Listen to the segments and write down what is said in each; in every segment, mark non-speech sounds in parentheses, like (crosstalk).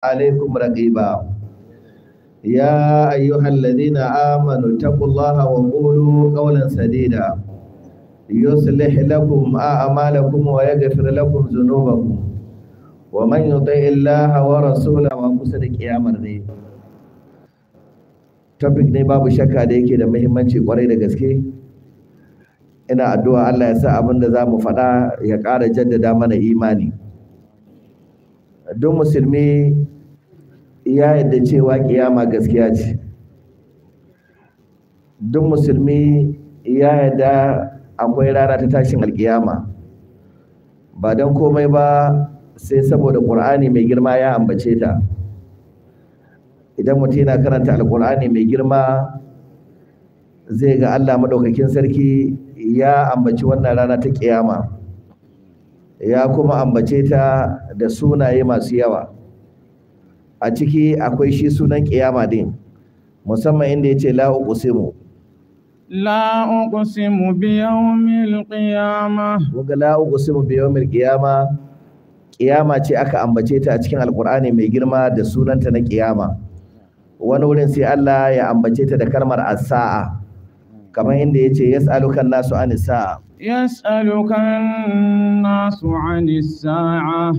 عليكم رقيبا يا أيها الذين آمنوا اتقوا الله وقولوا قولا سديدا يصلح لكم أعمالكم ويغفر لكم ذنوبكم ومن يطع الله ورسوله وانفسد قيامر دي topic ne babu shakka da yake da muhimmanci kwarai da gaske ina addu'a Allah ya sa abin da za mu faɗa ya ƙara jaddada mana imani duk musulmi ya yadda cewa kiyama gaskiya ce duk musulmi ya yadda akwai rana ta tashin alkiyama ba don komai ba sai saboda ƙur'ani mai girma ya ambace ta idan mutum yana karanta alƙur'ani mai girma zai ga allah maɗaukakin sarki ya ambaci wannan rana ta ƙiyama ya kuma ambace ta da sunaye masu yawa a ciki akwai shi sunan kiyama din musamman inda ya ce la'uƙusimu. La'uƙusimu uqsimu bi yawmil qiyama waga la bi yawmil qiyama kiyama ce aka ambace ta a cikin alqur'ani mai girma da sunanta na kiyama wani wurin sai Allah ya ambace ta da kalmar as-sa'a kamar inda yace yas'alukan nasu anis sa'a yas'alukan nasu anis sa'a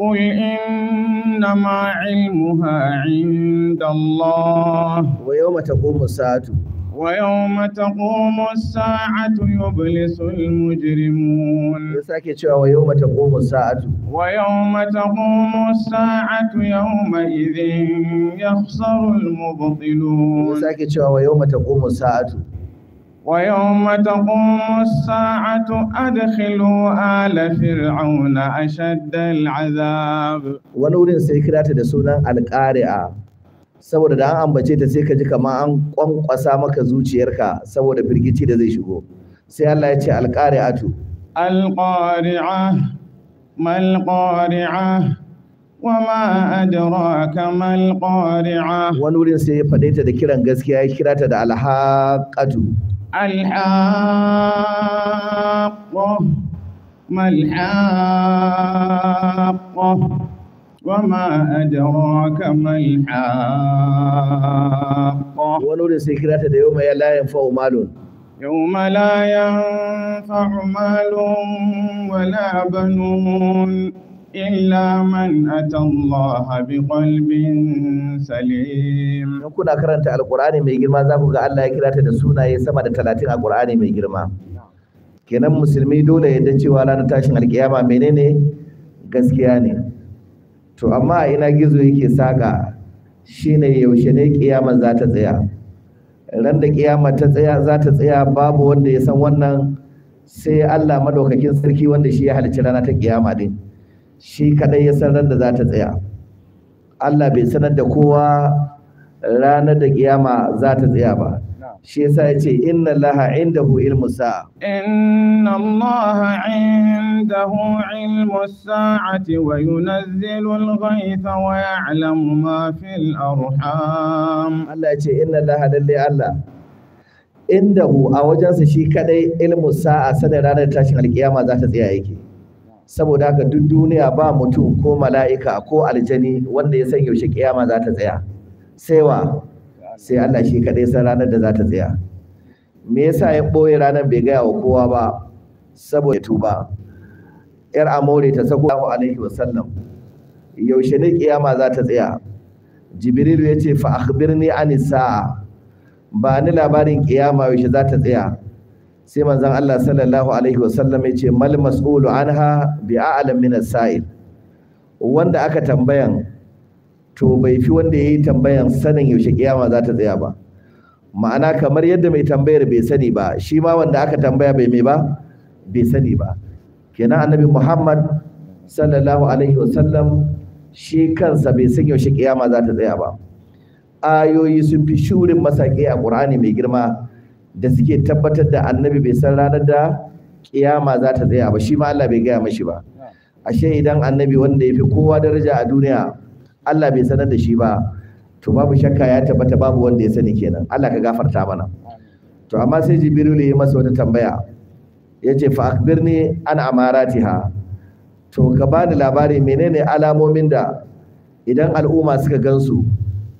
قل إنما علمها عند الله ويوم تقوم الساعة ويوم تقوم الساعة يبلس المجرمون ويوم تقوم الساعة ويوم تقوم الساعة يومئذ يخسر المبطلون ويوم تقوم الساعة ويوم تقوم الساعة أدخلوا آل فرعون أشد العذاب ونورين سيكرات دسونا القارئة saboda da an ambace ta sai ka ji kamar an kwankwasa maka zuciyarka saboda firgici da zai shigo sai Allah ya ce alqari'atu alqari'a mal وما أدراك ما القارعة ونورين سيفديت ذكرا غسكيا كراتا دا الحاقة الحاقة ما الحاقة وما أدراك ما الحاقة ونور سيكرات يوم يلا ينفع مالون يوم لا ينفع مال ولا بنون إلا من أتى الله Salim. سليم kuna karanta alqur'ani mai girma za ku ga Allah ya kira ta da sunaye sama da 30 a qur'ani mai girma kenan musulmi dole ya da cewa ranar tashin alkiyama menene gaskiya ne to amma ina gizo yake saka shine yaushe ne kiyama za ta tsaya ran da kiyama ta tsaya za ta tsaya babu wanda ya san wannan sai Allah madaukakin sarki wanda shi ya halicci rana ta kiyama din shi kadai ya san da za ta tsaya Allah bai sanar da kowa ranar da kiyama za ta tsaya ba shi yasa ya ce inna laha indahu ilmu sa'a inna allaha indahu ilmu sa'ati wa yunazzilu al-ghaytha wa ya'lamu ma fil arham Allah ya ce inna laha lalle Allah indahu a wajensa shi kadai ilmu sa'a sanin ranar tashin alkiyama za ta tsaya yake saboda haka duk duniya ba mutum ko mala'ika ko aljani wanda ya san yaushe kiyama za ta tsaya sai wa sai Allah shi kadai san ranar da za ta tsaya me yasa ya ɓoye ranar bai gaya wa kowa ba saboda ya tuba yar amore ta sako Allahu alaihi wasallam yaushe ne kiyama za ta tsaya jibril ya ce fa akhbirni anis sa'a ba ni labarin kiyama yaushe za ta tsaya sai manzon Allah sallallahu alaihi wasallam ya ce mal mas'ulu anha bi a'lam min as-sa'il wanda aka tambayan to bai fi wanda yayi tambayan sanin yaushe kiyama za ta tsaya ba ma'ana kamar yadda mai tambayar bai sani ba shi ma wanda aka tambaya bai mai ba bai sani ba kenan annabi Muhammad sallallahu alaihi wasallam shi kansa bai san yaushe kiyama za ta tsaya ba ayoyi sun fi shurin masaƙi a ƙur'ani mai girma da suke tabbatar da annabi bai san ranar da kiyama za ta tsaya ba shi ma Allah bai gaya mashi ba ashe idan annabi wanda ya fi kowa daraja a duniya Allah bai sanar da shi ba to babu shakka ya tabbata babu wanda ya sani kenan Allah ka gafarta mana to amma sai jibrilu ya masa wata tambaya ya ce fa akbirni an amaratiha to ka bani labari menene alamomin da idan al'umma suka gansu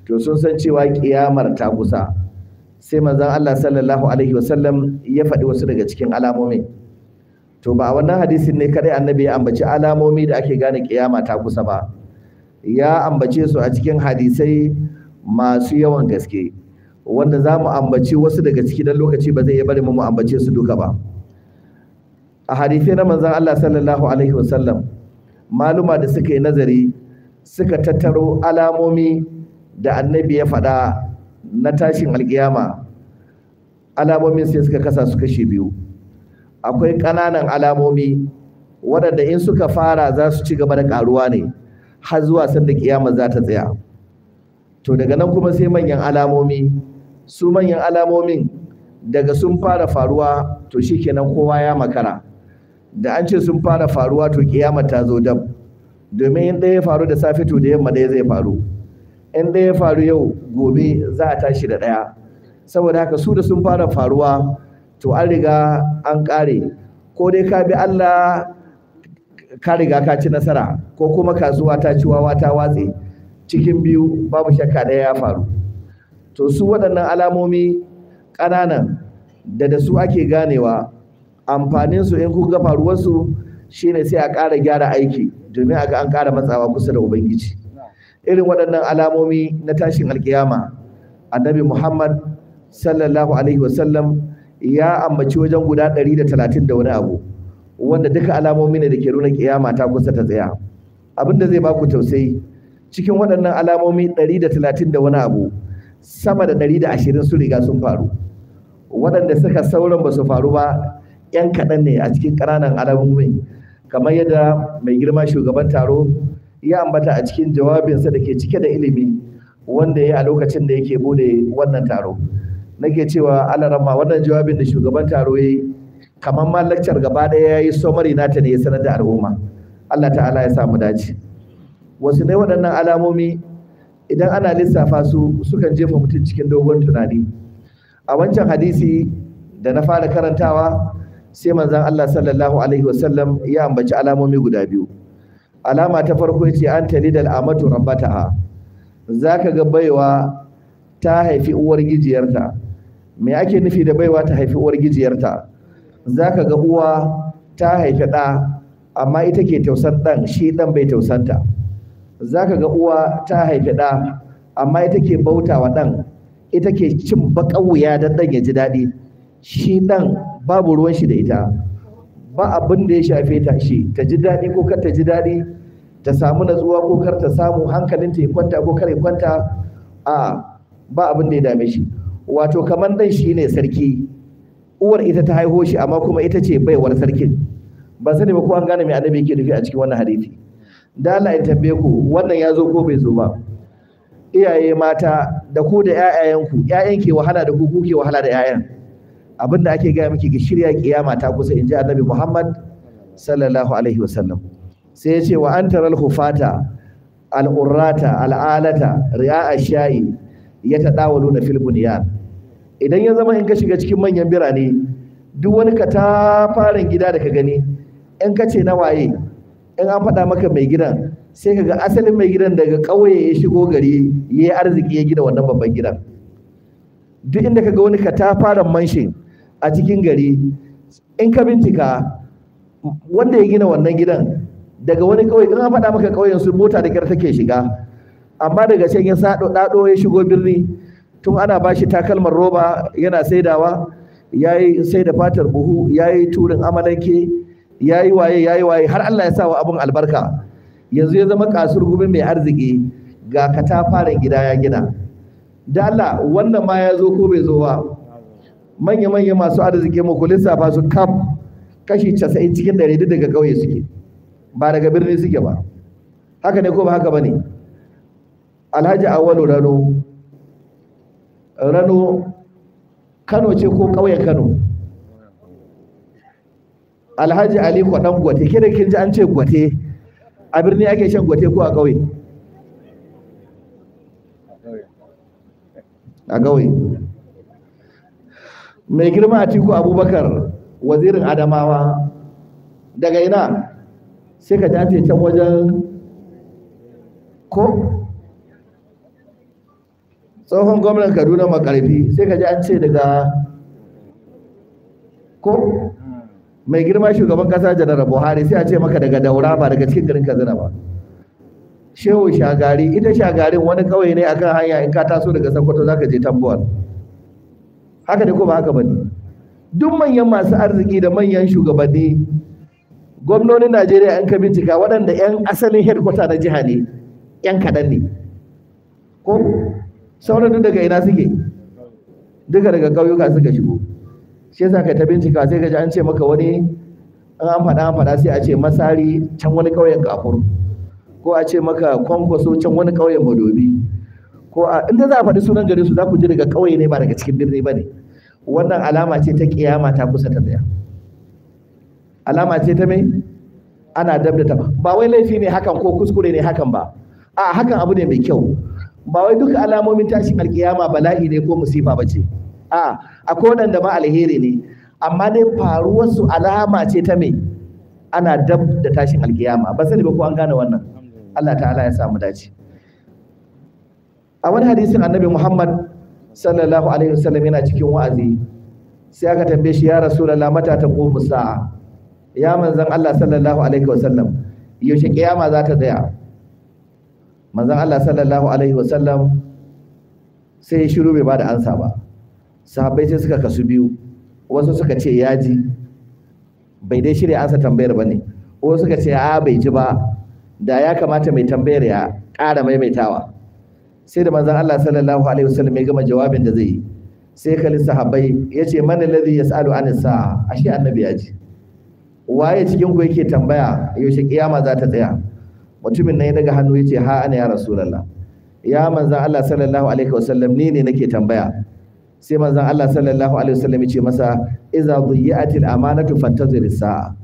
to sun san cewa kiyamar ta kusa sai manzon Allah sallallahu alaihi wasallam ya faɗi wasu daga cikin alamomi to ba a wannan hadisin ne kadai annabi ya ambaci alamomi da ake gane kiyama ta kusa ba ya ambace su a cikin hadisai masu yawan gaske wanda za mu ambaci wasu daga ciki don lokaci ba zai iya bari mu ambace su duka ba a hadisai na manzon Allah sallallahu alaihi wasallam maluma da suka yi nazari suka tattaro alamomi da annabi ya faɗa na tashin alkiyama alamomin sai suka kasa su kashe biyu akwai ƙananan alamomi waɗanda in suka fara za su ci gaba da ƙaruwa ne har zuwa sanda kiyama za ta tsaya to daga nan kuma sai manyan alamomi su manyan alamomin daga sun fara faruwa to shikenan kowa ya makara da an ce sun fara faruwa to kiyama ta zo dab domin in ɗaya ya faru da safe to da yamma ɗaya zai faru in ɗaya ya faru yau gobe za a tashi da ɗaya saboda haka su da sun fara faruwa to an riga an ƙare ko dai ka bi Allah ka riga ka ci nasara ko kuma kasuwa ta ci wawa ta watse cikin biyu babu shakka ɗaya ya faru to su waɗannan alamomi ƙananan da da su ake ganewa amfaninsu in kuka faruwarsu shine sai a ƙara gyara aiki domin a ga an ƙara matsawa kusa da ubangiji irin waɗannan alamomi na tashin alkiyama annabi muhammad sallallahu alaihi wasallam ya ambaci wajen guda ɗari da talatin da wani abu wanda duka alamomi ne da ke nuna kiyama ta kusa ta tsaya abin da zai baku tausayi cikin waɗannan alamomi ɗari da talatin da wani abu sama da ɗari da ashirin sun riga sun faru waɗanda suka sauran ba su faru ba ‘yan kaɗan ne a cikin ƙananan alamomi kamar yadda mai girma shugaban taro ya ambata a cikin jawabinsa da ke cike da ilimi wanda ya a lokacin da yake bude wannan taro nake cewa alarama wannan jawabin da shugaban taro ya yi kamar ma gaba ɗaya ya yi somari nata ne ya sanar da al'umma Allah ta'ala ya samu dace wasu dai waɗannan alamomi idan ana lissafa su sukan jefa mutum cikin dogon tunani a wancan hadisi da na fara karantawa sai manzon Allah sallallahu alaihi wasallam ya ambaci alamomi guda biyu alama ta farko ce an talidal amatu rabbataha zaka ga baiwa ta haifi uwar gijiyarta me ake nufi da baiwa ta haifi uwar gijiyarta zaka ga uwa ta haifi ɗa amma ita ke tausan ɗan shi ɗan bai tausanta zaka ga uwa ta haifi ɗa amma ita ke bauta wa ɗan ita ke cin baƙar don ɗan ya ji daɗi shi ɗan babu ruwan shi da ita ba abin da ya shafe ta shi ta ji daɗi ko kar ta ji daɗi ta samu natsuwa ko kar ta samu hankalin ta ya kwanta ko kar ya kwanta a ba abin da ya dame shi wato kamar dan shi ne sarki uwar ita ta haiho shi amma kuma ita ce baiwar sarkin ba sani ba ko an gane me annabi yake nufi a cikin wannan hadisi da Allah ya tambaye ku wannan ya zo ko bai zo ba iyaye mata da ku da ƴaƴayenku ƴaƴanki wahala da ku ku ke wahala da ƴaƴan Abin da ake gaya miki ki shirya kiyama ta kusa in ji annabi Muhammad sallallahu alaihi wasallam sai ya ce wa antaral hufata al'urrata al'alata ri'a shayi ya taɗawalo na filbun idan ya zama in ka shiga cikin manyan birane duk wani ka ta farin gida da ka gani in ka ce na waye in an faɗa maka mai gidan sai ka ga asalin mai gidan daga ƙauye ya shigo gari ya yi arziki ya gina wannan babban gidan duk inda ka ga wani ka ta fara manshin a cikin gari in ka bincika wanda ya gina wannan gidan daga wani kawai in an faɗa maka kauyen su mota da kyar take shiga amma daga can ya saɗo ɗaɗo ya shigo birni tun ana ba shi takalmar roba yana saidawa ya yi sai da fatar buhu ya yi turin amalanke ya yi waye ya yi waye har Allah ya sa wa abun albarka yanzu ya zama kasur gumi mai arziki ga katafaren gida ya gina da Allah wannan ma ya zo ko bai zo ba manya-manya masu arziki muku lissafa su kam kashi casa'in cikin ɗari duk daga ƙauye suke ba daga birni suke ba haka ne ko ba haka ba ne alhaji awalu rano rano kano ce ko ƙauye kano alhaji ali kwaɗan gwate ke kin ji an ce gwate a birni ake shan gwate ko a ƙauye a ƙauye mai girma Atiku Abubakar wazirin Adamawa daga ina sai ka dace can wajen ko tsohon gwamnan Kaduna makarfi sai ka ji an ce daga ko mai girma shugaban kasa janar Buhari sai a ce maka daga daura ba daga cikin garin Katsina ba shehu shagari ita shagarin wani kawai ne akan hanya in ka taso daga Sokoto ka je tambuwar. haka da ko ba haka bane duk manyan masu arziki da manyan shugabanni gwamnonin Najeriya an ka bincika waɗanda 'yan asalin headquarter na jiha ne 'yan kaɗan ne ko sauran daga ina suke duka daga ƙauyuka suka shigo shi yasa ka ta bincika sai ka ji an ce maka wani an an faɗa an faɗa sai a ce masari can wani ƙauyen kafur ko a ce maka kwankwaso can wani ƙauyen madobi ko a inda za a faɗi sunan gare su za ku ji daga ƙauye ne ba daga cikin birni ba ne wannan alama ce ta kiyama ta kusa ta tsaya alama ce ta mai ana dab da ba wai laifi ne hakan ko kuskure ne hakan ba a hakan abu ne mai kyau ba wai duka alamomin tashin alkiyama bala'i ne ko musifa ba ce a akwai waɗanda ma alheri ne amma dai su alama ce ta mai ana dab da tashin alkiyama ba sani ba ko an gane wannan Allah ta'ala ya samu dace a wani hadisin annabi Muhammad sallallahu alaihi wasallam yana cikin wa'azi sai aka tambaye shi ya rasulullah mata ta qumu sa'a ya manzon Allah sallallahu alaihi wasallam yaushe kiyama za ta tsaya manzon Allah sallallahu alaihi wasallam sai shiru bai bada ansa ba sahabbai sai suka kasu biyu wasu suka ce ya ji bai dai shirya ansa tambayar ba ne wasu suka ce a bai ji ba da ya kamata mai tambayar ya ƙara maimaitawa sai da manzon Allah sallallahu alaihi wasallam ya gama jawabin da zai yi sai kali sahabbai yace man alladhi yas'alu an sa'a ashe annabi ya ji waye cikin ku yake tambaya yaushe kiyama za ta tsaya mutumin nan ya daga hannu yace ha ana ya rasulullah ya manzon Allah sallallahu alaihi wasallam ni ne nake tambaya sai manzon Allah sallallahu alaihi wasallam yace masa idza dhiyatil amanatu fantazir sa'a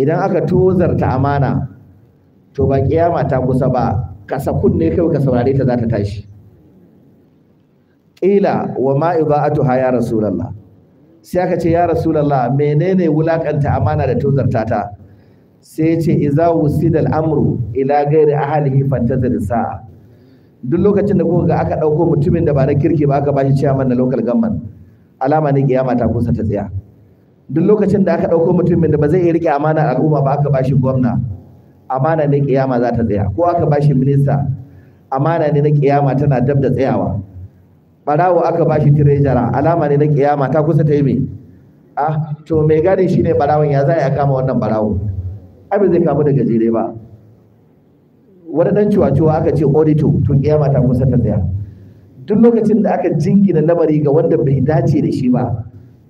idan aka tozarta amana to ba kiyama ta kusa ba kasa kunne kai ka saurare ta za ta tashi ƙila wa ma'iba'atuha ya rasulullah sai aka ce ya rasulullah menene wulakanta amana da tozarta ta sai ya ce iza wusidal amru ila gairi ahlihi fantazir sa'a duk lokacin da kuka ga aka ɗauko mutumin da ba na kirki ba aka bashi chairman na local government alama ne kiyama ta kusa ta tsaya duk lokacin da aka ɗauko mutumin da ba zai iya rike amana al'umma ba aka bashi gwamna amana ne kiyama za ta tsaya ko aka bashi minista amana ne na kiyama tana dab da tsayawa barawo aka bashi tirejara alama ne na kiyama ta kusa ta yi me ah to mai gane shine barawon ya za a kama wannan barawo ai zai kamu da gajere ba wani dan ciwa-ciwa aka ce audito to kiyama ta kusa ta tsaya duk lokacin da aka jingina lamari ga wanda bai dace da shi ba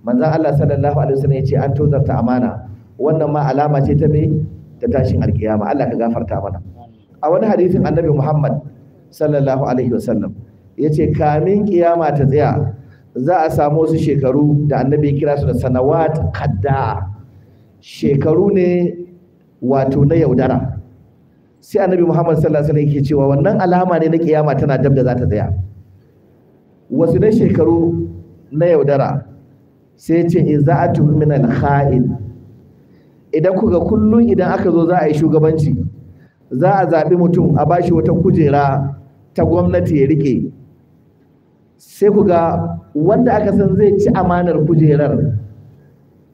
manzon Allah sallallahu alaihi wasallam ya ce an tozarta amana wannan ma alama ce ta me ta tashin alkiyama Allah ka gafarta mana a wani hadisin annabi Muhammad sallallahu alaihi wasallam yace kamin kiyama ta tsaya za a samu wasu shekaru da annabi ya kira su da sanawat qadda shekaru ne wato na yaudara sai annabi Muhammad sallallahu alaihi wasallam yake cewa wannan alama ne na kiyama tana dab da za ta tsaya wasu ne shekaru na yaudara sai ya ce in za a tuhu min al-kha'in idan kuga kullum idan aka zo za a yi shugabanci za a zaɓi mutum a ba shi wata kujera ta gwamnati ya rike sai kuga wanda aka san zai ci amanar kujerar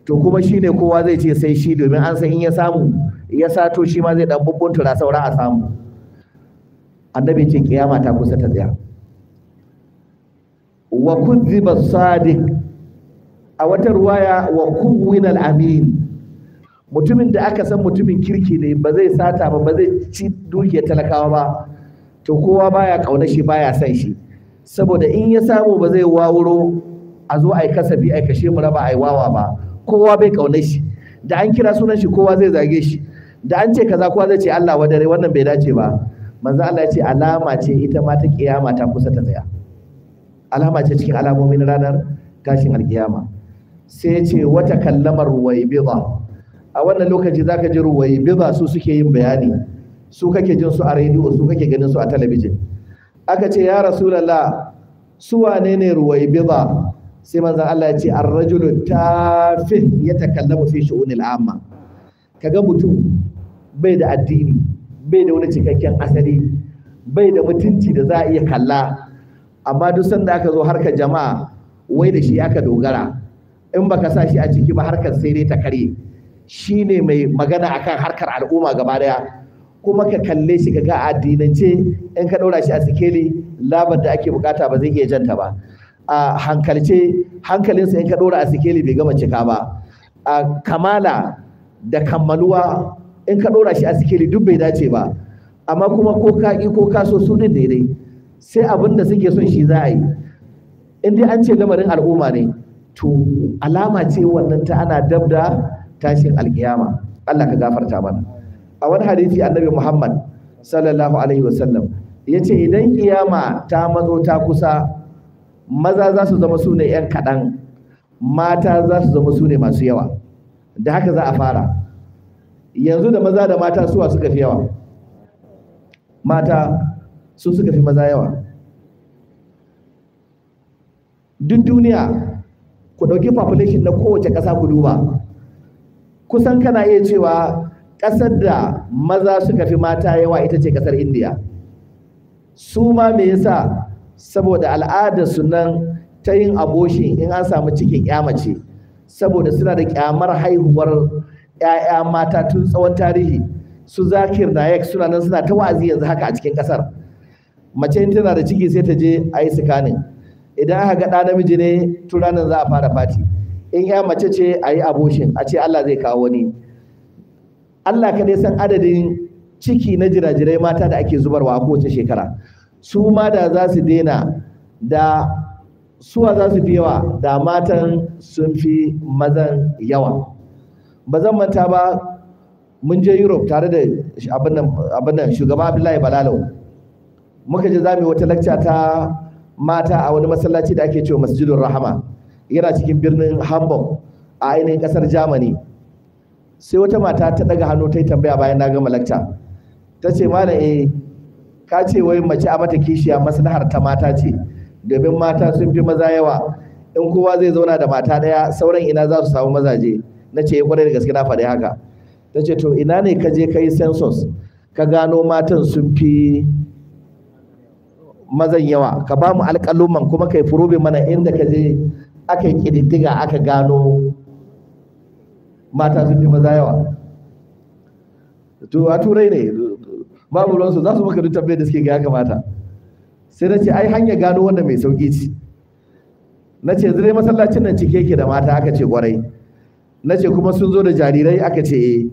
to kuma shi ne kowa zai ce sai shi domin an san in ya samu ya sato shi ma zai ɗan tura saura a samu annabi ce kiyama ta kusa ta tsaya wa ba sadiq a wata ruwaya wa kuwwina al-amin mutumin da aka san mutumin kirki ne ba zai sata ba ba zai ci dukiyar talakawa ba to kowa baya kauna shi baya son shi saboda in ya samu ba zai wawuro a zo a yi kasafi a kashe mu raba a yi wawa ba kowa bai kauna shi da an kira sunan shi kowa zai zage shi da an ce kaza kowa zai ce Allah wadare wannan bai dace ba manzo Allah ya ce alama ce ita ma ta kiyama ta kusa ta tsaya alama ce cikin alamomin ranar tashin alkiyama sai ya ce wata kallamar waibida a wannan lokaci za ka ji ruwayi ba su suke yin bayani su kake jin su a rediyo su kake ganin su a talabijin aka ce ya rasulallah su wane ne ruwayi ba sai manzon Allah ya ce ar-rajulu tafih yatakallamu fi shu'unil amma kaga mutum bai da addini bai da wani cikakken asali bai da mutunci da za a iya kalla amma duk sanda aka zo harkar jama'a wai da shi aka dogara in baka sa shi a ciki ba harkar sai dai ta karye. shine mai magana akan harkar al'umma gaba daya kuma ka kalle shi ga addinance in ka ɗora shi a sikeli labar da ake bukata ba zai iya janta ba a hankalce hankalinsa in ka ɗora a sikeli bai gama cika ba a kamala da kammaluwa in ka ɗora shi a sikeli duk bai dace ba amma kuma ko ka ƙi ko ka so su ne daidai sai abin da suke son shi za a yi in dai an ce lamarin al'umma ne to alama ce wannan ta ana dabda. tashin alkiyama Allah ka gafarta mana a wani hadisi annabi Muhammad sallallahu alaihi wasallam yace idan kiyama ta matso ta kusa maza za su zama su ne yan kaɗan mata za su zama su ne masu yawa da haka za a fara yanzu da maza da mata suwa suka fi yawa mata su suka fi maza yawa duk duniya ku ɗauki population na kowace ƙasa ku duba kusan kana iya cewa ƙasar da maza suka fi mata yawa ita ce ƙasar indiya su ma me yasa saboda al'adar su nan ta yin aboshi in an samu cikin mace saboda suna da kyamar haihuwar 'ya'ya mata tun tsawon tarihi su zakir na nayak suna nan suna ta wa'azi yanzu haka a cikin ƙasar mace in tana da ciki sai ta je a yi sikanin idan aka ga ɗa namiji ne tun ranar za a fara fati in ya mace ce a yi aboshin a ce Allah zai kawo wani Allah kadai san adadin ciki na jirajirai mata da ake zubarwa a kowace shekara su ma da za su daina da suwa za su fi yawa da matan sun fi mazan yawa ba zan manta ba mun je europe tare da abin nan shugaba abdullahi balalau muka je za mu yi wata lacca ta mata a wani masallaci da ake cewa masjidun rahama yana cikin birnin hamburg a ainihin kasar germany sai wata mata ta daga hannu ta yi tambaya bayan na gama lakta ta ce malam eh ka ce wai mace a mata kishiya maslahar ta mata ce domin mata sun fi maza yawa in kowa zai zauna da mata daya sauran ina za su samu mazaje na ce kwarai eh, da gaske na faɗi haka ta ce to ina ne ka je ka yi census ka gano matan sun fi mazan yawa ka ba mu alƙaluman kuma ka yi furobin mana inda ka je aka yi ƙididdiga aka gano mata sun fi maza yawa a turai ne mamulansu za su maka duk tambayar da suke ga ya kamata sai na ce ai hanya gano wanda mai sauƙi ce na ce zai masallacin nan cike yake da mata aka ce kwarai na ce kuma sun zo da jarirai aka ce eh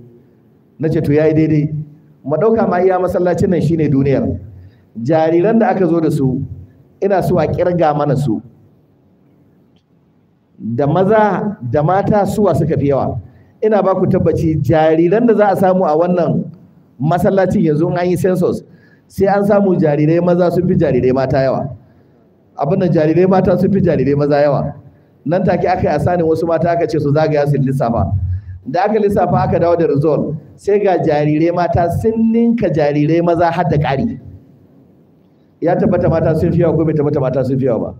na ce to ya yi daidai mu ɗauka ma iya masallacin nan shine duniyar jariran da aka zo da su ina su a ƙirga mana su da maza da mata suwa suka fi yawa ina ba ku tabbaci jariran da za a samu a wannan masallacin yanzu an yi census sai an samu jarirai maza sun fi jarirai mata yawa abin da jarirai mata sun fi jarirai maza yawa nan take aka yi asanin wasu mata aka ce su zagaya su lissafa da aka lissafa aka dawo da result sai ga jarirai mata sun ninka jarirai maza har da ƙari ya tabbata mata sun fi yawa ko bai tabbata mata sun fi yawa ba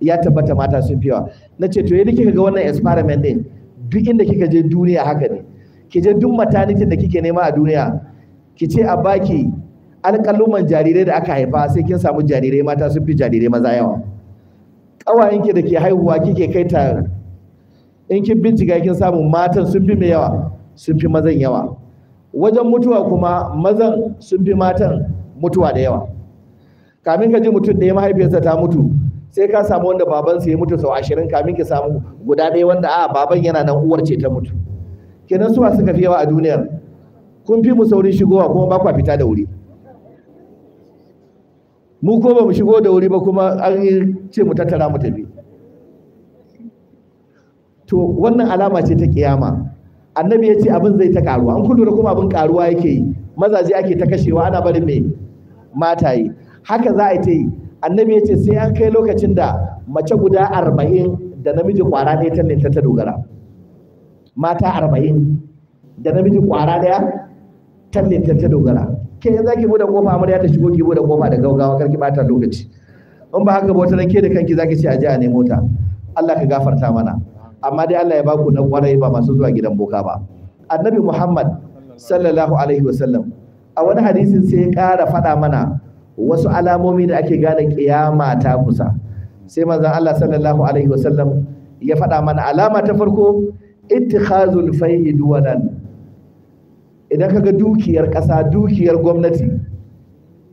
ya tabbata mata sun fi yawa. na ce to yadda kika ga wannan experiment din duk inda kika je duniya haka ne ki je duk maternity da kike nema a duniya ki ce a baki alƙaluman jarirai da aka haifa sai kin samu jarirai mata sun fi jarirai maza yawa ƙawayenki da ke haihuwa kike kai ta in kin bincika kin samu matan sun fi mai yawa sun fi mazan yawa wajen mutuwa kuma mazan sun fi matan mutuwa da yawa kamin ka ji mutum ɗaya mahaifiyarsa ta mutu sai ka samu wanda babansa ya mutu sau ashirin kamin ka samu guda ɗaya wanda a baban yana nan uwar ce ta mutu kenan suwa suka fi yawa a duniyar kun fi mu saurin shigowa kuma ba kwa fita da wuri mu ko ba mu shigo da wuri ba kuma an yi ce mu tattara mu tafi to wannan alama ce ta kiyama annabi ya ce abin zai ta karuwa an da kuma abin karuwa yake yi mazaje ake ta kashewa ana barin mai mataye haka za a yi ta yi annabi ya ce sai an kai lokacin da mace guda arba'in da namiji kwara ɗaya ta linta ta dogara mata arba'in da namiji kwara ɗaya ta linta ta dogara ke yanzu ki bude kofa amarya ta shigo ki bude kofa da gaugawa karki bata lokaci in ba haka ba wata ke da kanki zaki ce a ji a nemo ta Allah ka gafarta mana amma dai Allah ya baku na kwarai ba masu zuwa gidan boka ba annabi Muhammad sallallahu alaihi wasallam a wani hadisin sai ya ƙara faɗa mana wasu alamomi da ake gane kiyama ta kusa sai manzon Allah sallallahu alaihi wasallam ya faɗa mana alama ta farko ittikhazul fai'i walan idan kaga dukiyar ƙasa dukiyar gwamnati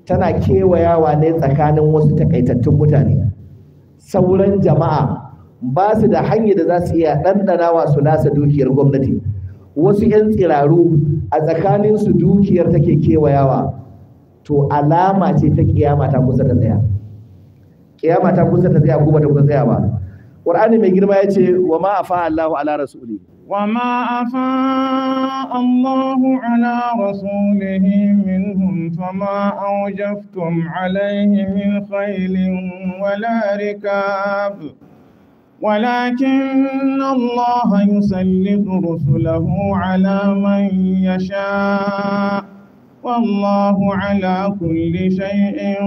tana kewayawa ne tsakanin wasu takaitattun mutane sauran jama'a ba su da hanyar da za su iya ɗanɗanawa su nasa dukiyar gwamnati wasu 'yan tsiraru a tsakanin su dukiyar take kewayawa to alama ce ta kiyama ta kusa ta tsaya kiyama ta kusa ta tsaya ko ba ta kusa tsaya ba qur'ani mai girma yace wa ma afa Allahu ala rasuli wa ma afa Allahu ala rasulihi minhum fama awjaftum alayhi min khaylin wala rikab ولكن الله يسلط رسله على من يشاء والله على كل شيء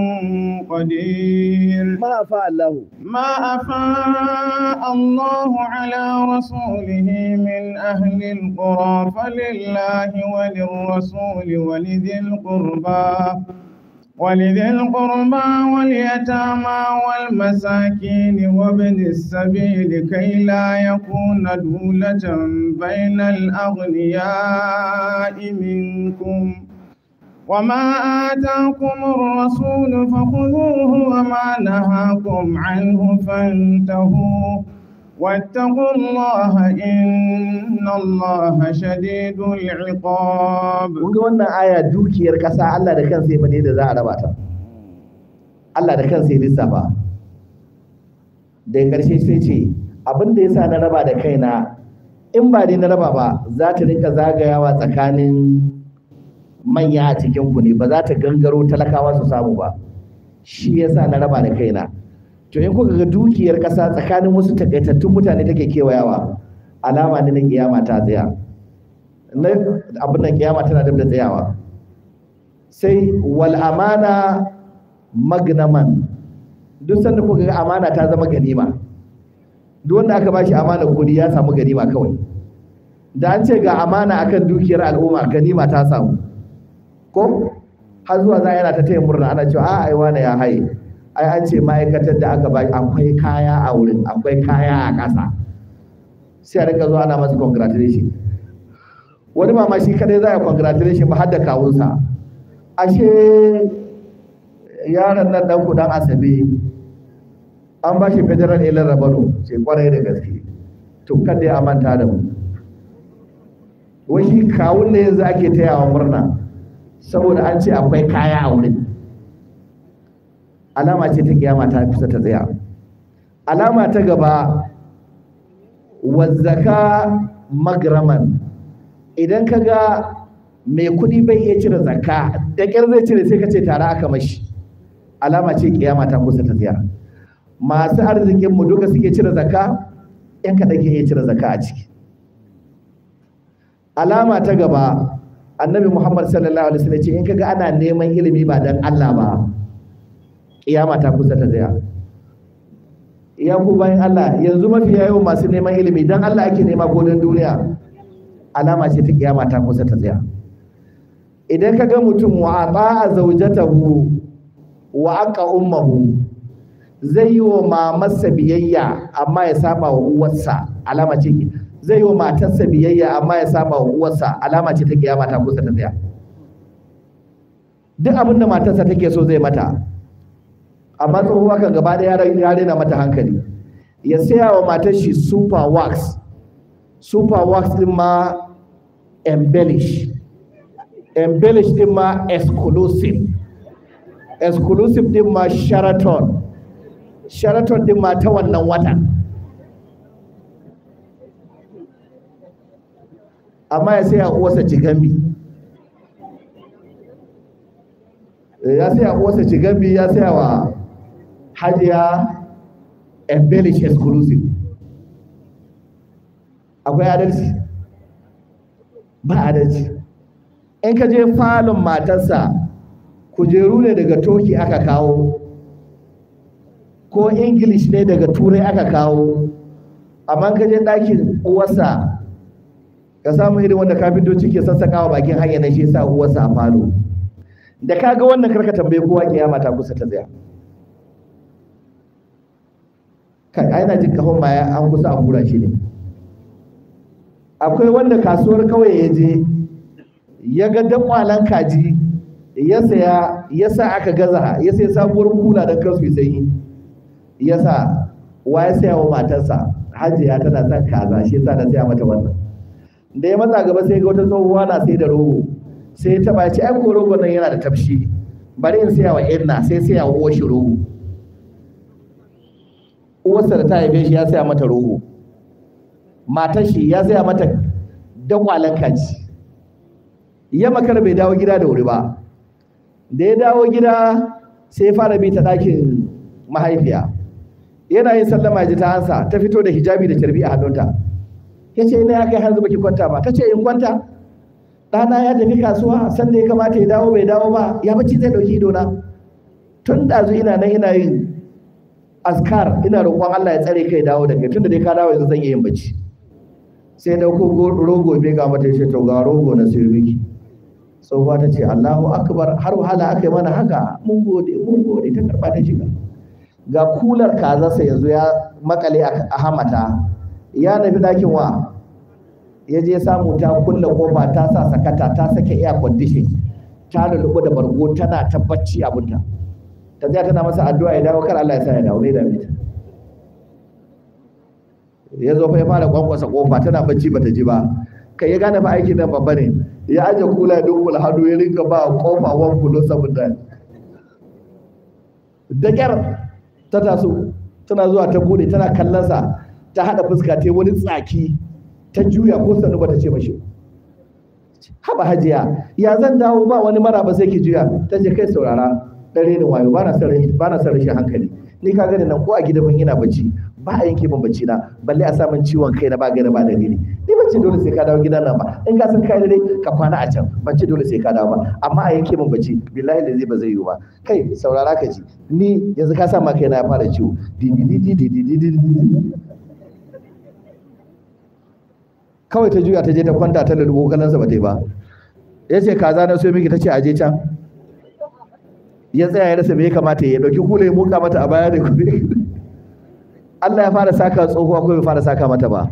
قدير ما أفاء الله ما أفاء الله على رسوله من أهل القرى فلله وللرسول ولذي القربى ولذي القربى واليتامى والمساكين وابن السبيل كي لا يكون دولة بين الأغنياء منكم وما آتاكم الرسول فخذوه وما نهاكم عنه فانتهوا واتقوا الله إن الله شديد العقاب kun wannan aya dukiyar ƙasa Allah da kansa ya faɗi da za a raba Allah da kansa ya lissafa da ƙarshe sai ce abinda yasa na raba da kaina in ba dai na raba ba za ta rinka zagayawa tsakanin manya a cikin ku ne ba za ta gangaro talakawa su samu ba shi yasa na raba da kaina to in kuka ga dukiyar ƙasa tsakanin wasu takaitattun mutane take kewayawa alama ne na kiyama ta tsaya na abin nan kiyama tana da tsayawa sai wal amana magnaman duk sanda kuka ga amana ta zama ganima duk wanda aka bashi amana kudi ya samu ganima kawai da an ce ga amana akan dukiyar al'umma ganima ta samu ko har zuwa za yana ta taya murna ana cewa ai wani ya haye ai an ce ma'aikatar da aka baki akwai kaya a wurin akwai kaya a ƙasa sai a rika zuwa ana masa congratulation wani mama shi kadai za a congratulation ba har da kawunsa ashe yaron nan dan kudan asabe an ba shi federal ilan rabano ce kwarai da gaske to kada ya manta da mu wai shi kawun ne yanzu ake taya wa murna saboda an ce akwai kaya a wurin alama ce ta kiyama ta kusa ta tsaya alama ta gaba wazzaka magraman idan ka ga mai kuɗi bai iya cire zakka da ƙyar zai cire sai ka ce tare aka mashi alama ce kiyama ta kusa ta tsaya masu arzikin mu duka suke cire zaka, yan kaɗan ke iya cire zakka a ciki alama ta gaba annabi muhammad sallallahu alaihi wasallam ce in kaga ana neman ilimi ba dan Allah ba kiyama ta kusa ta tsaya ya ku bayan Allah yanzu mafi yawan masu neman ilimi dan Allah ake nema ko dan duniya alama ce ta kiyama ta kusa ta tsaya idan ka ga mutum wa a zaujatahu wa aka ummuhu zai yi wa mamarsa biyayya amma ya saba wa uwarsa alama ce zai yi wa matarsa biyayya amma ya saba wa uwarsa alama ce ta kiyama ta kusa ta tsaya duk abin da matarsa take so zai mata amma tsohuwa kan gaba da ya rena mata hankali ya saya wa matar shi super wax super wax din ma embellish embellish din ma exclusive exclusive din ma sheraton sheraton din ma ta wannan watan amma ya sai saya uwarsa cigambi eh, ya sai saya uwarsa cigambi ya sai wa hajiya embellish exclusive akwai adalci ba adalci in ka je falon matarsa kujeru ne daga toki aka kawo ko english ne daga turai aka kawo amma ka je ɗakin uwarsa ka samu irin wanda kafintoci ke sassakawa bakin hanya na shi sa uwarsa a falo da ka ga wannan karka tambaye kowa yama ta kusa ta tsaya kai ai na jin kahon baya an kusa a kura shi ne akwai wanda kasuwar kawai ya je ya ga dakwalan kaji ya saya ya sa aka gaza ya sai sabuwar kula don kansu sai yi, ya sa wa ya saya wa matarsa hajiya tana son kaza shi yasa da saya mata wannan da ya matsa gaba sai ga wata tsohuwa na sai da rogo sai ta ba ce ai ko rogo nan yana da tafshi bari in saya wa inna sai saya wa uwar shi rogo uwarsa da ta haife shi ya saya mata rogo matar shi ya saya mata dakwalan kaji ya makar bai dawo gida da wuri ba da ya dawo gida sai ya fara bi ta ɗakin mahaifiya yana yin sallama ji ta ansa ta fito da hijabi da carbi a hannunta ya ce ina ya kai har ki kwanta ba ta ce in kwanta ɗana ya tafi kasuwa sanda ya kamata ya dawo bai dawo ba ya bacci zai ɗauki idona tun ɗazu ina nan ina yin askar ina roƙon Allah ya tsare kai dawo da kai tun da dai ka dawo yanzu zan iya yin bacci sai ɗauko rogo bai ga mata ya to ga rogo na sai miki tsohuwa ta ce Allahu akbar har wahala aka yi mana haka mun gode mun gode ta karɓa ta shiga ga kular kazarsa yanzu ya makale a hamata ya nufi ɗakin wa ya je samu ta kulle kofa ta sa sakata ta sake air condition ta lulluɓu da bargo tana ta bacci abinta ta tsaya tana masa addu'a ya dawo kar Allah ya sa ya dawo ne da mita ya zo fa ya fara kwankwasa kofa tana bacci bata ji ba kai ya gane fa aikin nan babba ne ya aje kula da kula hado ya rinka ba kofa wan kulo saboda da kyar ta taso tana zuwa ta bude tana kallon sa ta haɗa fuska ta yi wani tsaki ta juya ko sanu ba ta ce mashi haba hajiya ya zan dawo ba wani mara ba sai ki juya ta ce kai saurara dan renin wayo ba na son rashin hankali ni ka gani nan ko a gidan ina bacci ba a yanke min bacci na balle a samun ciwon kai na ba gani ba dalili ni bacci dole sai ka dawo gidan nan ba in ka san kai dai ka kwana a can bacci dole sai ka dawo ba amma a yanke min bacci billahi da zai ba zai yi ba kai saurara ka ji ni yanzu ka sa ma kai na ya fara ciwo kawai ta juya ta je ta kwanta ta lalubo kalansa ba ta ba ya ce kaza na so miki ta ce a je can ya tsaya ya rasa me ya kamata ya dauki kula ya muka mata a baya da kuɗi (laughs) Allah ya fara saka tsohuwa ko bai fara saka mata ba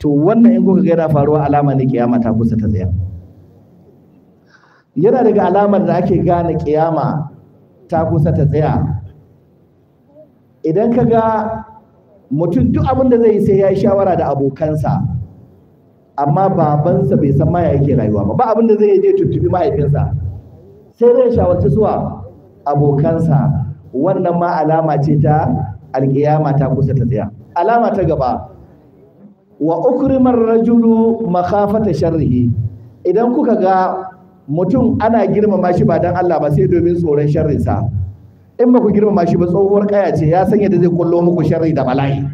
to wannan in kuka ga yana faruwa alama ne kiyama ta kusa ta tsaya yana daga alamar da ake gane kiyama ta kusa ta tsaya idan ka ga mutum duk abin da zai yi sai ya yi shawara da abokansa amma babansa bai san ma yake rayuwa ba ba abin da zai je tuntubi mahaifinsa sai zai shawarci zuwa abokansa wannan ma alama ce ta alkiyama ta kusa ta tsaya alama ta gaba wa ukrimar rajulu makhafata sharrihi idan kuka ga mutum ana girmama shi ba dan Allah ba sai domin tsoron sharrinsa in ba ku girmama shi ba tsohuwar kaya ce ya san yadda zai kullo muku sharri da bala'i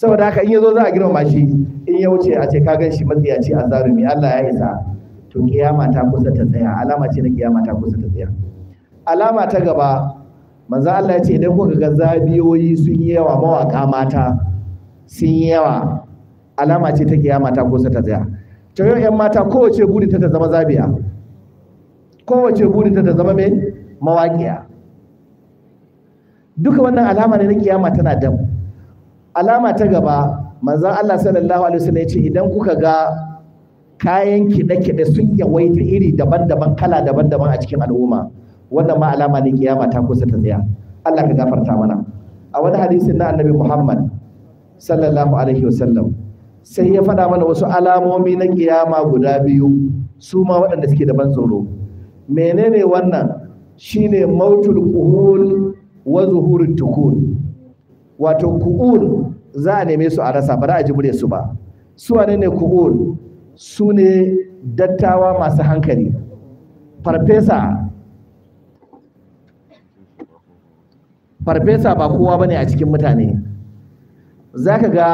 saboda haka in ya zo za a girmama shi in ya wuce a ce ka gan shi matsiyaci a zarumi Allah ya isa to kiyama ta kusa ta tsaya alama ce na kiyama ta kusa ta tsaya alama ta gaba manzo Allah ya ce idan kuka ga zabiyoyi sun yi yawa mawaka mata sun yi yawa alama ce ta kiyama ta kusa ta tsaya to yau yan mata kowace buri ta ta zama zabiya kowace buri ta ta zama mai mawaƙiya duka wannan alama ne na kiyama tana damu alama ta gaba manzon Allah sallallahu alaihi wasallam yace idan kuka ga kayan kiɗe-kiɗe sun yawaita iri daban-daban kala daban-daban a cikin al'umma wannan ma alama ne kiyama ta kusa ta tsaya Allah ka gafarta mana a wani hadisin na annabi Muhammad sallallahu alaihi wasallam sai ya faɗa mana wasu alamomi na kiyama guda biyu su ma waɗanda suke da ban tsoro menene wannan shine mautul quhul wa zuhurut tukun wato ku'un za a neme su a rasa ba za a ji su ba su wane ne ku'un su ne dattawa masu hankali farfesa farfesa ba kowa bane a cikin mutane za ka ga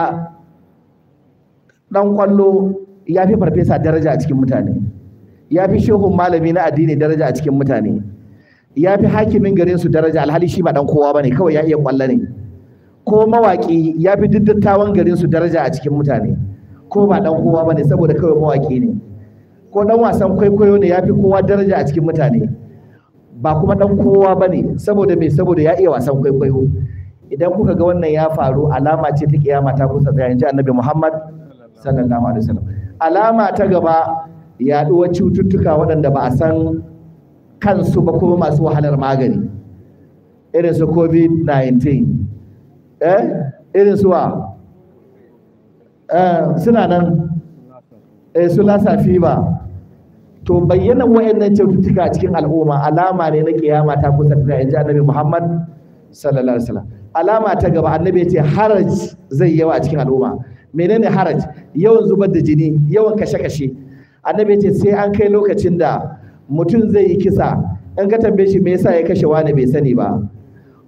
ɗan ƙwallo ya fi farfesa daraja a cikin mutane ya fi shehun malami na addini daraja a cikin mutane ya fi hakimin garinsu daraja alhali shi ba ɗan kowa bane kawai ya iya ƙwallo ne ko mawaƙi ya fi dattawan garin su daraja a cikin mutane ko ba dan kowa bane saboda kawai mawaƙi ne ko dan wasan kwaikwayo ne ya fi kowa daraja a cikin mutane ba kuma dan kowa bane saboda me saboda ya iya wasan kwaikwayo idan kuka ga wannan ya faru alama ce ta kiyama ta kusa da yanzu annabi Muhammad sallallahu alaihi wasallam alama ta gaba yaɗuwar cututtuka waɗanda ba a san kansu ba kuma masu wahalar magani irin su covid-19 eh irin suwa eh, suna nan eh su lasa fiba to bayyana wayannan cututtuka a cikin al'umma alama ne na kiyama ta kusa da yanzu annabi Muhammad sallallahu alaihi wasallam alama ta gaba annabi ya ce haraj zai yawa a cikin al'umma menene haraj yawan zubar da jini yawan kashe-kashe annabi ya ce sai an kai lokacin da mutum zai yi kisa in ka tambaye shi me yasa ya kashe wani bai sani ba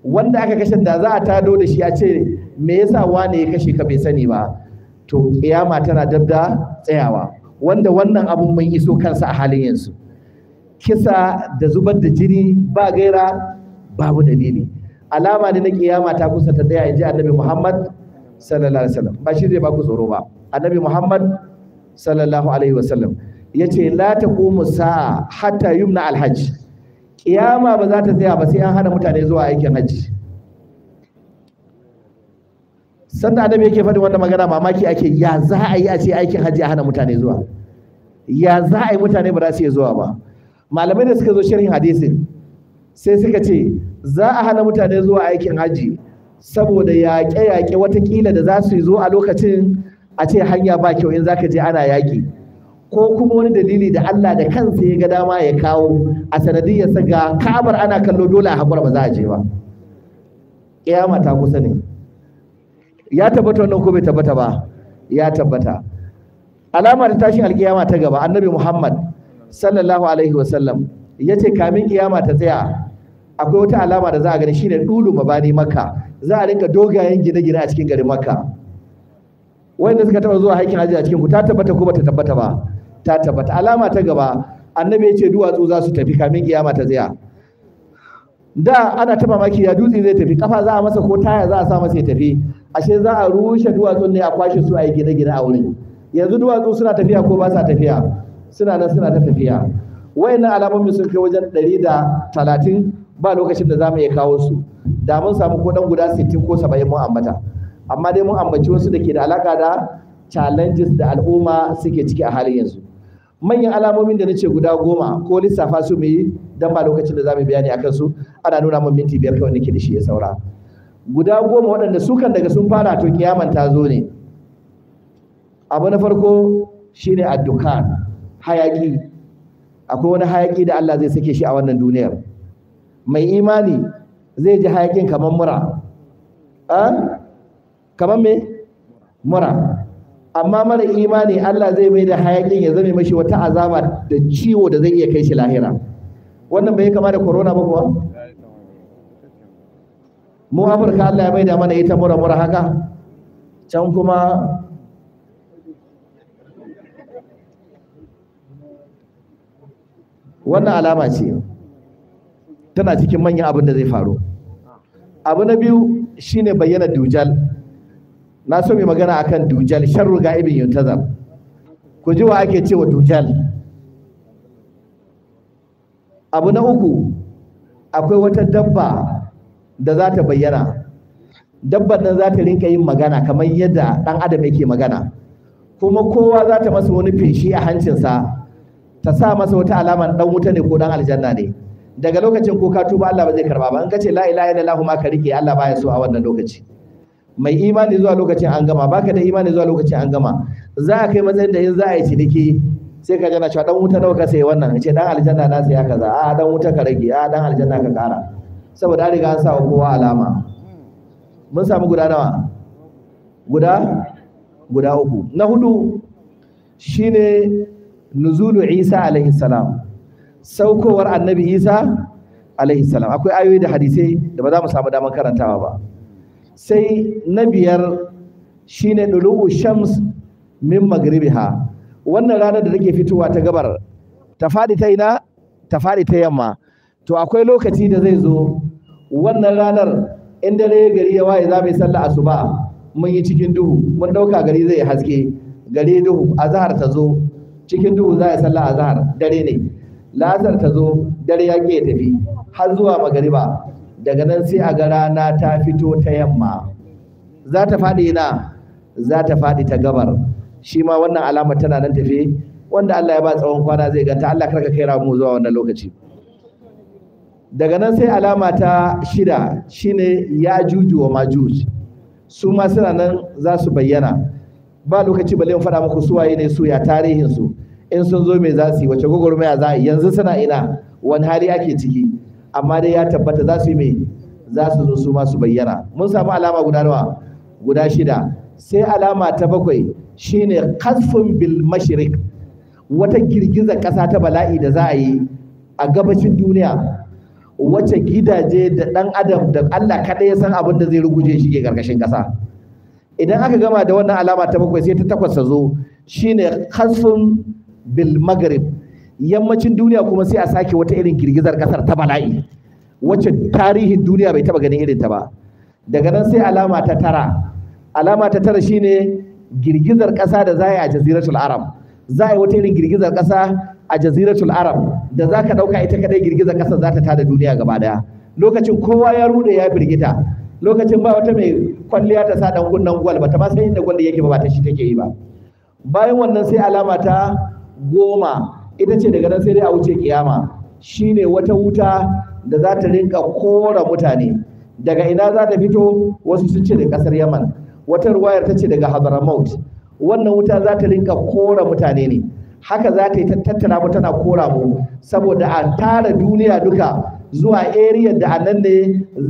wanda aka kashe da za a tado da shi a ce me yasa wane ya kashe ka bai sani ba to kiyama tana dab tsayawa wanda wannan abun mun iso kansa a halin yanzu kisa da zubar da jini ba gaira babu dalili alama ne na kiyama ta kusa ta tsaya inji annabi Muhammad sallallahu alaihi wasallam ba shi zai ba tsoro ba annabi Muhammad sallallahu alaihi wasallam yace la taqumu sa'a hatta yumna alhajj kiyama ba za ta tsaya ba sai an hana mutane zuwa aikin hajji sannan adam yake faɗin wanda magana mamaki ake ya za a yi a ce aikin hajji a hana mutane zuwa ya za a yi mutane ba za su iya zuwa ba malamai da suka zo shirin hadisin sai suka ce za a hana mutane zuwa aikin hajji saboda yaƙe-yaƙe wata watakila da za su yi zo a lokacin a ce hanya ba kyau in za ka je ana yaƙi ko kuma wani dalili da Allah da kansa ya ga dama ya kawo a sanadiyar ga kabar ana kallo dole a hakura ba za a je ba kiyama ta kusa ne ya tabbata wannan ko bai tabbata ba ya tabbata alama da tashin alkiyama ta gaba annabi Muhammad sallallahu alaihi wasallam yace kamin kiyama ta tsaya akwai wata alama da za a gani shine dulu mabani makka za a rinka dogayen gine-gine a cikin garin makka wanda suka taba zuwa aikin hajji a cikin ku ta tabbata ko bata tabbata ba ta tabbata alama ta gaba annabi ya ce duwatsu za su tafi kamin kiyama ta tsaya da ana taba maki ya dutse zai tafi kafa za a masa ko taya za a sa masa ya tafi ashe za a rushe duwatsun ne a kwashe su a yi gine-gine a wurin yanzu duwatsu suna tafiya ko ba sa tafiya suna nan suna ta tafiya wayannan alamomi sun kai wajen ɗari da talatin ba lokacin da za mu iya kawo su da mun samu ko ɗan guda sittin ko saba'in mu ambata amma dai mun ambaci wasu da ke da alaka da challenges da al'umma suke ciki a halin yanzu manyan alamomin da nace guda goma ko lissafa su mu yi dan ba lokacin da zamu bayani akan su ana nuna mun minti biyar kawai nake da shi ya saura guda goma waɗanda su kan daga sun fara to kiyaman ta zo ne abu na farko shine addukan hayaki akwai wani hayaki da Allah zai sake shi a wannan duniyar mai imani zai ji hayakin kamar mura ah? kamar me mura amma mara imani Allah zai mai da hayakin ya zame mashi wata azaba da ciwo da zai iya kai shi lahira wannan bai kama da corona ba kuwa mu Afirka Allah ya mai da mana ita mura mura haka can kuma wannan alama ce tana cikin manyan abin da zai faru abu na biyu shine bayyana dujal na so mai magana akan dujal sharru ga'ibin yuntazab ku ji wa ake cewa dujal abu na uku akwai wata dabba da za ta bayyana dabban nan za ta rinka yin magana kamar yadda ɗan adam yake magana kuma kowa za ta masa wani feshi a hancinsa ta sa masa wata alamar ɗan wuta ne ko ɗan aljanna ne daga lokacin ko ka tuba Allah ba zai karba ba in ka ce la ilaha illallah ma ka rike Allah baya so a wannan lokaci mai imani zuwa lokacin an gama baka da imani zuwa lokacin an gama za a kai matsayin da in za a yi ciniki sai ka jana cewa dan wuta nawa ka sai wannan ce dan aljanna na sai kaza a dan wuta ka rage a dan aljanna ka kara saboda an riga an sa kowa alama mun samu guda nawa guda guda uku na hudu shine nuzulu isa alaihi salam saukowar annabi isa alaihi salam akwai ayoyi da hadisai da ba za mu samu damar karantawa ba sai na biyar shine dulu'u shams min magribiha wannan ranar da take fitowa ta gabar ta faɗi ta ina ta faɗi ta yamma to akwai lokaci da zai zo wannan ranar in dare gari ya waye za mu yi sallah asuba mun yi cikin duhu mun ɗauka gari zai haske gari duhu azhar ta zo cikin duhu za a yi sallah azhar dare ne lazar ta zo dare ya ke tafi har zuwa magariba daga nan sai a ga rana ta fito ta yamma za ta faɗi ina za ta faɗi ta gabar shi ma wannan alama tana nan tafe wanda Allah ya ba tsawon kwana zai ganta Allah karka kai ramu zuwa wannan lokaci daga nan sai alama ta shida shine ya juju wa majuj su ma suna nan za su bayyana ba lokaci bale mu faɗa muku suwaye ne su ya tarihin su in sun zo me za su yi wace gwagwarmaya za yanzu suna ina wani hali ake ciki amma dai ya tabbata za su yi mai za su zo su masu bayyana mun samu alama guda nawa guda shida sai alama ta bakwai shine kasfin bil mashriq wata girgizar ƙasa ta bala'i da za a yi a gabashin duniya wace gidaje da ɗan adam da Allah kaɗai ya san abin da zai ruguje shi ke ƙarƙashin ƙasa idan aka gama da wannan alama ta bakwai sai ta takwas ta zo shine kasfin bil maghrib yammacin duniya kuma sai a sake wata irin girgizar kasar ta bala'i wacce tarihin duniya bai taba ganin irin ta ba daga nan sai alama ta tara alama ta tara shine girgizar kasa da za a yi a jaziratul arab za a yi wata irin girgizar kasa a jaziratul arab da za ka ɗauka ita kadai girgizar kasa za ta tada duniya gaba daya lokacin kowa ya rude ya birgita lokacin ba wata mai kwalliya ta sa dan gunnan gwal ba ta ba sai inda gwal yake ya ba ta shi take yi ba bayan wannan sai alama ta goma ita ce daga nan sai dai a wuce kiyama shine wata wuta da za ta rinka kora mutane daga ina za ta fito wasu sun ce da kasar yaman wata ruwayar ta ce daga hadramaut wannan wuta za ta rinka kora mutane ne haka za ta yi tattara mu tana kora mu saboda a tara duniya duka zuwa area da anan ne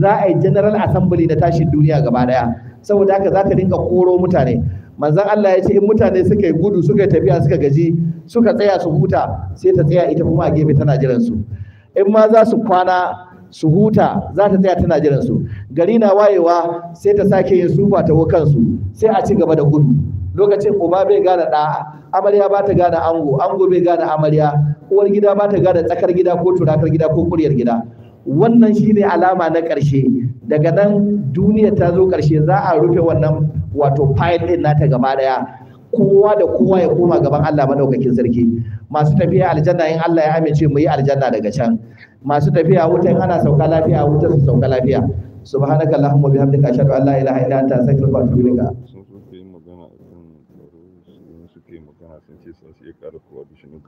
za a yi general assembly da tashin duniya gaba daya saboda haka za ta rinka koro mutane manzon Allah ya ce in mutane suka yi gudu suka yi tafiya suka gaji suka tsaya su huta sai ta tsaya ita kuma a gefe tana jiran su in ma za su kwana su huta za ta tsaya tana jiran su gari na wayewa sai ta sake yin sufa ta kansu sai a ci gaba da gudu lokacin uba bai gane da amarya ba ta gane ango ango bai gane amarya uwar gida ba ta gane tsakar gida ko turakar gida ko kuryar gida wannan shine alama na ƙarshe daga nan duniya ta zo ƙarshe za a rufe wannan wato fayil din nata gaba daya kowa da kowa ya koma gaban Allah madaukakin sarki masu tafiya aljanna in Allah ya amince mu yi aljanna daga can masu tafiya wutan ana sauka lafiya wutan su sauka lafiya subhanaka allahumma bihamdika ashhadu an la ilaha illa anta astaghfiruka wa atubu ilaika sun magana sun magana sun ce sun ƙara kowa